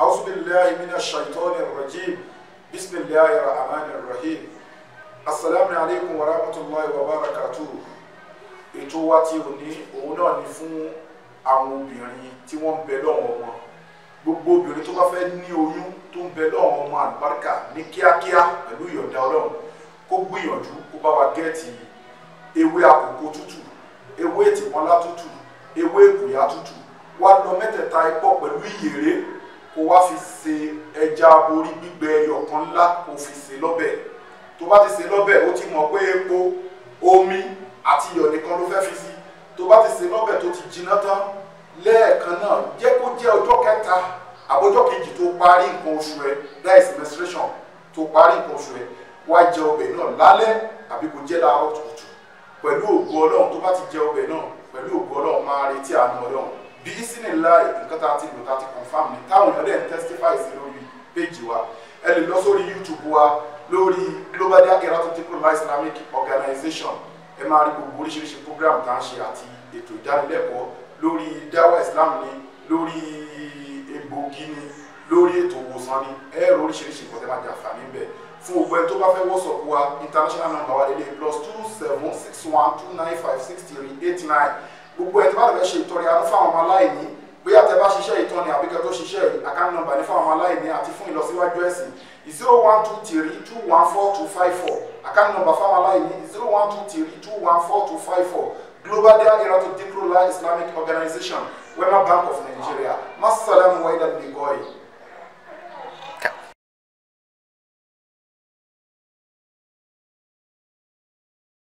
أعوذ بالله من الشيطان الرجيم بسم الله الرحمن الرحيم السلام عليكم ورحمة الله وبركاته ètò wa tí o ní òun náà ni fún àwọn obìnrin tí wọ́n ń bẹ lọ́wọ́ wọn gbogbo obìnrin tó bá fẹ́ ní oyún tó ń bẹ lọ́wọ́ ọmọ àlùbáríkà ní kíákíá pẹ̀lú ìyọ̀ǹda ọlọ́run kó gbìyànjú kó bá wa gẹ́ẹ̀tì ewé àkókò tútù ewé ètìmọ́lá tútù ewé èkùyà tútù wá lọ mẹ́tẹ̀ẹ̀ta ipò pẹ̀lú ìyèrè kó wá fi ṣe ẹja orí gbígbẹ ọ̀kan ńlá kó fi ṣe lọ́bẹ̀ tó bá ti ṣe lọ́bẹ̀ ó ti mọ̀ pé epo omi àti iyọ̀ nìkan ló fẹ́ fi sí tó bá ti ṣe lọ́bẹ̀ tó ti jiná tán lẹ́ẹ̀kan náà jẹ́ kó jẹ́ ọjọ́ kẹta àbójọ́ kejì tó parí nǹkan oṣù rẹ̀ that is menstruation tó parí nǹkan oṣù rẹ̀ wá jẹ ọbẹ̀ náà lálẹ́ àbí kò jẹ́ láàárọ̀ tuntun pẹ̀lú ògo ọlọ́run tó bá ti jẹ ọbẹ̀ náà pẹ̀lú ògo ọlọ́run máa retí àánú ọlọ́run bí ìsìnìlá nǹkan tá a ti lò tá a ti confam ní táwọn èèyàn dẹ̀ ń testify sí lórí péjì wa ẹ lè lọ sórí YouTube wa lórí Global Dahiratu Dhikrlahi Islamic Organization ẹ máa rí gbogbo oríṣiríṣi program tá a ń ṣe àti ètò ìdánilẹ́kọ̀ọ́ lórí dáwà Islam ni lórí egbògi ni lórí ètò ìwòsàn ni ẹ rò oríṣiríṣi nǹkan tẹ́ máa jà fà níbẹ̀ fún gbogbo tó bá fẹ́ WhatsApp wa international number wa lè lè plus two seven six one two nine five six three eight nine gbogbo ẹ̀ tí wọ́n fẹ́ ṣe ìtọrẹ àánú fáwọn ọmọ aláìní bóyá tẹ bá ṣiṣẹ́ ìtàn àbíkẹ́ tó ṣiṣẹ́ àkáńtì nọ́mbà ní fáwọn ọmọ aláìní àti fún ìlọsíwájú ẹ̀sìn zero one two three two one four two five four àkáńtì nọ́mbà fáwọn aláìní zero one two three two one four two five four global dahiratu dhikrlahi islamic organization wema bank of nigeria masalamu wa ilal liqai.